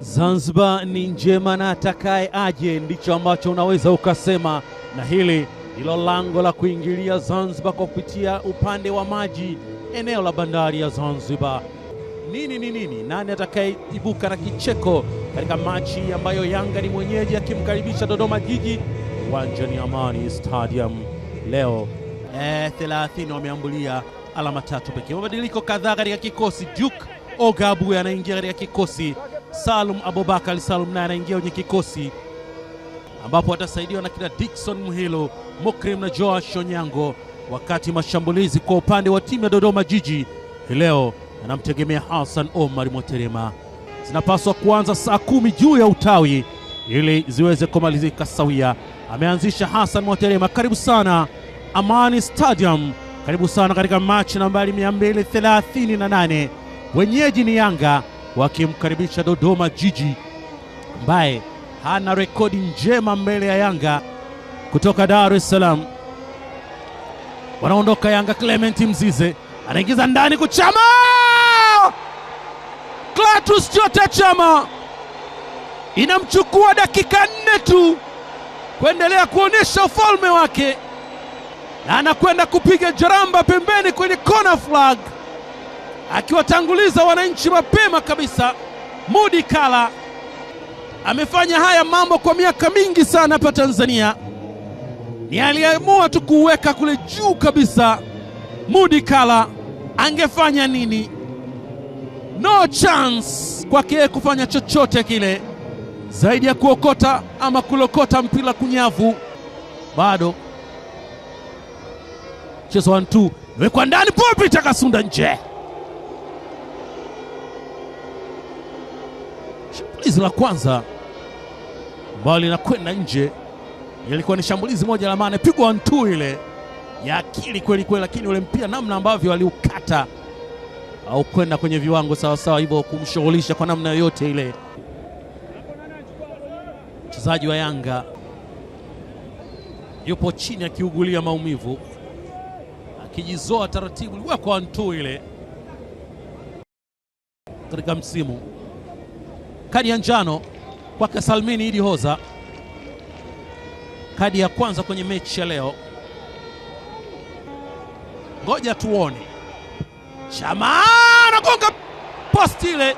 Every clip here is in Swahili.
Zanzibar ni njema na atakaye aje, ndicho ambacho unaweza ukasema, na hili ndilo lango la kuingilia Zanzibar kwa kupitia upande wa maji, eneo la bandari ya Zanzibar. Nini ni nini? Nani atakayeibuka na kicheko katika machi ambayo Yanga ni mwenyeji akimkaribisha Dodoma Jiji uwanja ni Amani Stadium leo? E, eh, 30 wameambulia alama tatu pekee, mabadiliko kadhaa katika kikosi. Duke Ogabu anaingia katika kikosi Salum Abubakar Salum naye anaingia kwenye kikosi ambapo atasaidiwa na kina Dickson Muhilo, Mokrim na Joash Onyango, wakati mashambulizi kwa upande wa timu ya Dodoma Jiji leo anamtegemea Hassan Omar Mwaterema. Zinapaswa kuanza saa kumi juu ya utawi ili ziweze kumalizika sawia. Ameanzisha Hassan Mwaterema. Karibu sana Amani Stadium, karibu sana katika match nambari 238 wenyeji ni Yanga wakimkaribisha Dodoma Jiji ambaye hana rekodi njema mbele ya Yanga kutoka Dar es Salaam. Wanaondoka Yanga, Clement Mzize anaingiza ndani kuchama Clatous Chota Chama, inamchukua dakika nne tu kuendelea kuonyesha ufalme wake, na anakwenda kupiga jaramba pembeni kwenye corner flag akiwatanguliza wananchi mapema kabisa. Mudi Kala amefanya haya mambo kwa miaka mingi sana hapa Tanzania, ni aliamua tu kuweka kule juu kabisa. Mudi Kala angefanya nini? No chance kwake kufanya chochote kile zaidi ya kuokota ama kulokota mpira kunyavu. Bado mchezo wa ntu wekwa ndani, popita kasunda nje Shambulizi la kwanza ambalo linakwenda nje ilikuwa ni shambulizi moja la Mane, pigwa ntu ile ya akili kweli kweli, lakini ule mpira namna ambavyo aliukata au kwenda kwenye viwango sawasawa, hivyo kumshughulisha kwa namna yoyote ile mchezaji wa Yanga yupo chini akiugulia maumivu, akijizoa taratibu. Ilikuwa kwa ntu ile katika msimu Kadi ya njano kwake Salmini Idi Hoza, kadi ya kwanza kwenye mechi ya leo. Ngoja tuone. Chama anagonga posti ile,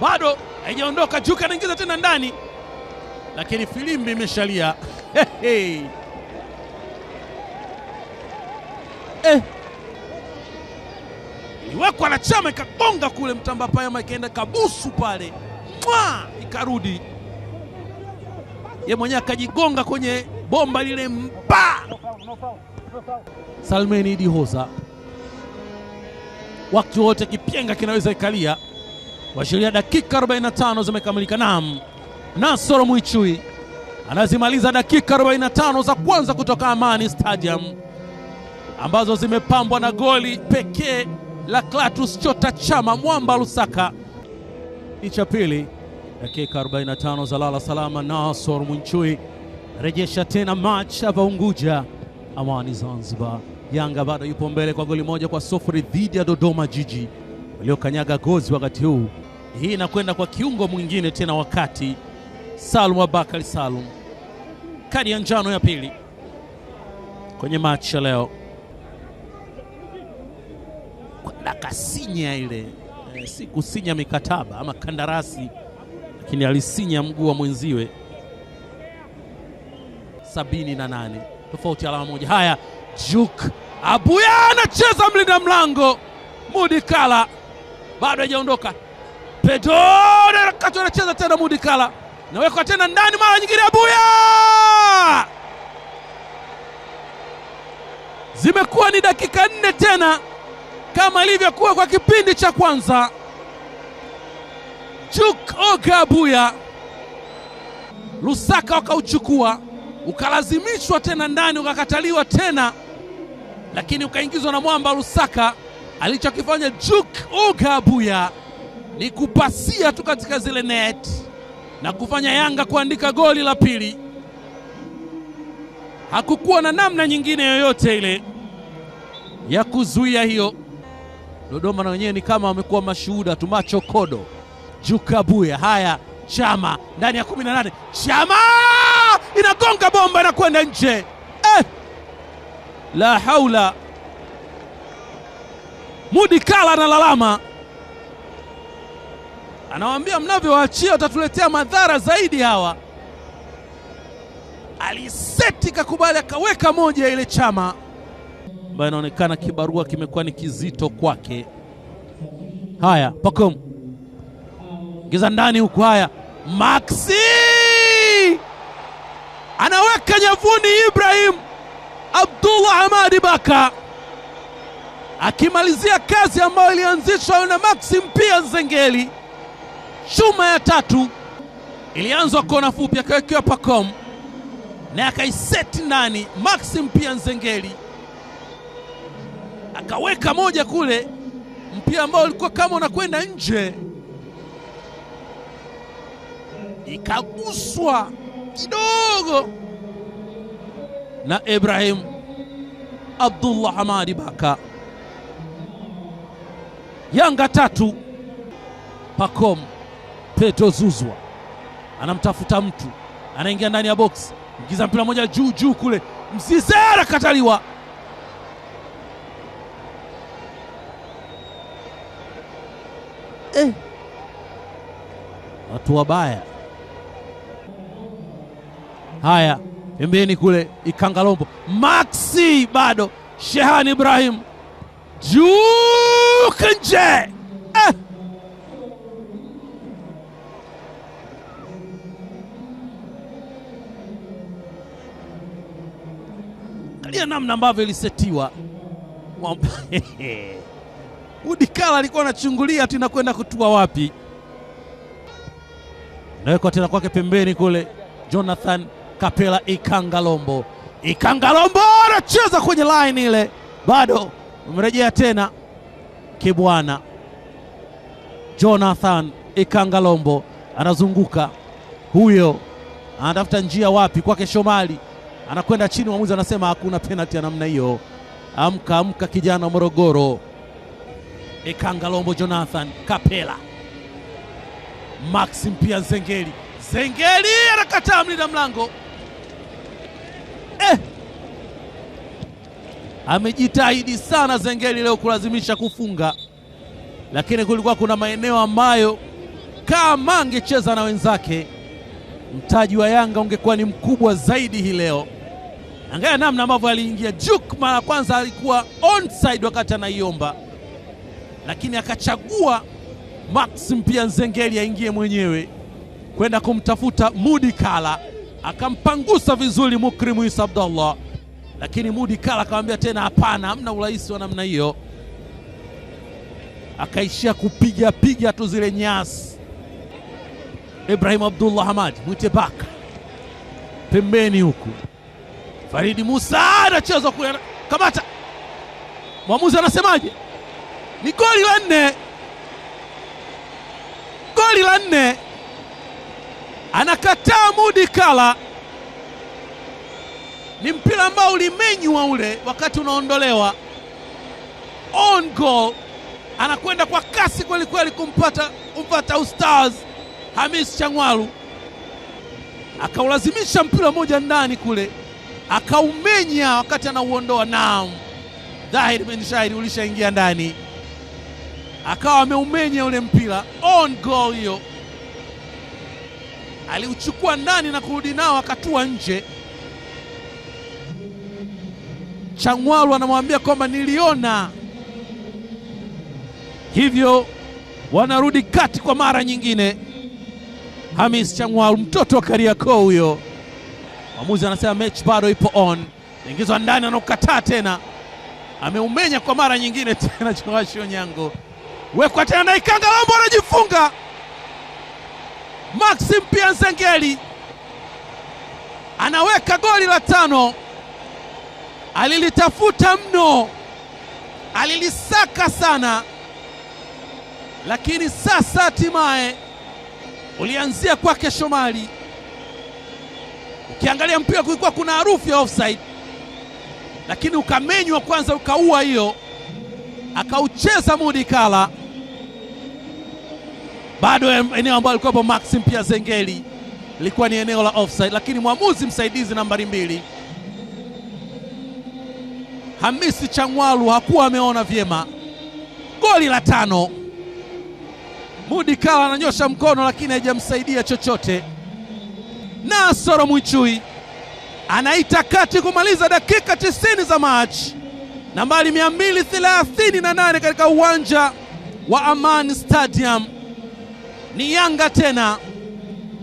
bado haijaondoka. juu kanaingiza tena ndani, lakini filimbi imeshalia. Hey, hey. Eh. Iliwekwa na Chama ikagonga kule mtamba paya ikaenda kabusu pale. Mwa! Ikarudi ye mwenyewe akajigonga kwenye bomba lile mba. Salmeni Idi Hosa wakati wote kipenga kinaweza ikalia, washiria dakika 45 zimekamilika. Naam, Nasoro Mwichui anazimaliza dakika 45 za kwanza kutoka Amani Stadium ambazo zimepambwa na goli pekee la Klatus Chota Chama Mwamba Lusaka kipindi cha pili, dakika 45 za lala salama. Nasor Mwinchui rejesha tena match hapa Unguja. Amani Zanzibar, Yanga bado yupo mbele kwa goli moja kwa sufuri dhidi ya Dodoma Jiji waliokanyaga gozi wakati huu. Hii inakwenda kwa kiungo mwingine tena, wakati Salum Abakari Salum, kadi ya njano ya pili kwenye match ya leo, kwa kasinya ile si kusinya mikataba ama kandarasi, lakini alisinya mguu wa mwenziwe sabini na nane tofauti alama moja. Haya, Juk Abuya anacheza mlinda mlango Mudikala bado hajaondoka. Pedro kati anacheza tena, Mudikala nawekwa tena ndani, mara nyingine Abuya. Zimekuwa ni dakika nne tena kama ilivyokuwa kwa kipindi cha kwanza. Juk Ogabuya Lusaka wakauchukua ukalazimishwa tena ndani ukakataliwa tena, lakini ukaingizwa na mwamba Lusaka. Alichokifanya Juk Ogabuya ni kupasia tu katika zile net na kufanya Yanga kuandika goli la pili. Hakukuwa na namna nyingine yoyote ile ya kuzuia hiyo. Dodoma na wenyewe ni kama wamekuwa mashuhuda tu. Macho Kodo, Jukabuya, haya Chama ndani ya 18 Chama inagonga bomba na kwenda nje eh! La haula. Mudi Kala analalama, anawaambia mnavyowaachia watatuletea madhara zaidi hawa. Aliseti, kakubali, akaweka moja ile Chama ambayo inaonekana kibarua kimekuwa ni kizito kwake. Haya, pakom giza ndani huku. Haya, Maxi anaweka nyavuni. Ibrahim Abdullah Hamadi Baka akimalizia kazi ambayo ilianzishwa na Maxi Mpia Nzengeli. Chuma ya tatu ilianzwa kona fupi, akawekewa pakom naye akaiseti ndani. Maxi Mpia Nzengeli akaweka moja kule, mpira ambao ulikuwa kama unakwenda nje, ikaguswa kidogo na Ibrahim Abdullah Hamadi Baka. Yanga tatu, pakom Petro Zuzwa anamtafuta mtu, anaingia ndani ya box, ingiza mpira moja juu juu kule, Mzizera kataliwa watu wabaya. Haya, pembeni kule Ikangalombo, Maxi bado Shehan Ibrahim juu nje eh. namna ambavyo ilisetiwa Udikala alikuwa anachungulia tu inakwenda kutua wapi nawekwa tena kwake pembeni kule Jonathan Kapela Ikangalombo. Ikangalombo anacheza kwenye line ile, bado umerejea tena Kibwana. Jonathan Ikangalombo anazunguka, huyo anatafuta njia wapi? Kwake Shomali, anakwenda chini, mwamuzi anasema hakuna penalti ya namna hiyo. Amka amka, kijana Morogoro. Ikangalombo Jonathan Kapela Maxi mpia Zengeli. Zengeli anakataa mlinda mlango eh. Amejitahidi sana Zengeli leo kulazimisha kufunga, lakini kulikuwa kuna maeneo ambayo kama angecheza na wenzake mtaji wa Yanga ungekuwa ni mkubwa zaidi hii leo. Angalia namna ambavyo aliingia juk, mara ya kwanza alikuwa onside wakati anaiomba, lakini akachagua Max Mpia Nzengeli aingie mwenyewe kwenda kumtafuta Mudi Kala, akampangusa vizuri Mukrimu Isa Abdallah, lakini Mudi Kala akamwambia tena hapana, hamna urahisi wa namna hiyo, akaishia kupiga piga tu zile nyasi. Ibrahim Abdullah Hamad mwite baka pembeni huku, Faridi Musa anacheza kule, kamata. Mwamuzi anasemaje? Ni goli la nne nne anakataa Mudi Kala. Ni mpira ambao ulimenywa ule wakati unaondolewa, on goal, anakwenda kwa kasi kweli kweli kumpata kumpata Ustaz Hamis Changwalu, akaulazimisha mpira mmoja ndani kule, akaumenya wakati anauondoa. Naam, dhahiri bin shahiri ulishaingia ndani akawa ameumenya ule mpira on goal, hiyo aliuchukua ndani na kurudi nao, akatua nje. Changwalu anamwambia kwamba niliona hivyo, wanarudi kati kwa mara nyingine. Hamis Changwalu, mtoto wa Kariakoo huyo. Mwamuzi anasema mechi bado ipo on, naingizwa ndani, anaukataa tena, ameumenya kwa mara nyingine tena Joash Onyango wekwa tena na Ikanga Lombo anajifunga. Maxim pia Nzengeli anaweka goli la tano. Alilitafuta mno, alilisaka sana, lakini sasa hatimaye ulianzia kwake Shomari. Ukiangalia mpira kulikuwa kuna harufu ya offside, lakini ukamenywa kwanza, ukaua hiyo, akaucheza Mudi Kala bado eneo ambalo alikuwepo Maxim pia Zengeli ilikuwa ni eneo la offside, lakini mwamuzi msaidizi nambari mbili Hamisi Changwalu hakuwa ameona vyema. Goli la tano, Mudi Kala ananyosha mkono lakini haijamsaidia chochote. Nasoro Mwichui anaita kati kumaliza dakika 90 za machi nambari 238 katika uwanja wa Amani Stadium ni Yanga tena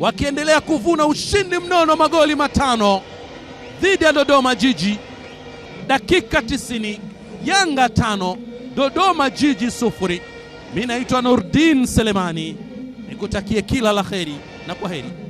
wakiendelea kuvuna ushindi mnono magoli matano dhidi ya Dodoma Jiji. Dakika tisini Yanga tano Dodoma Jiji sufuri. Mi naitwa Nurdin Selemani, nikutakie kila la heri na kwa heri.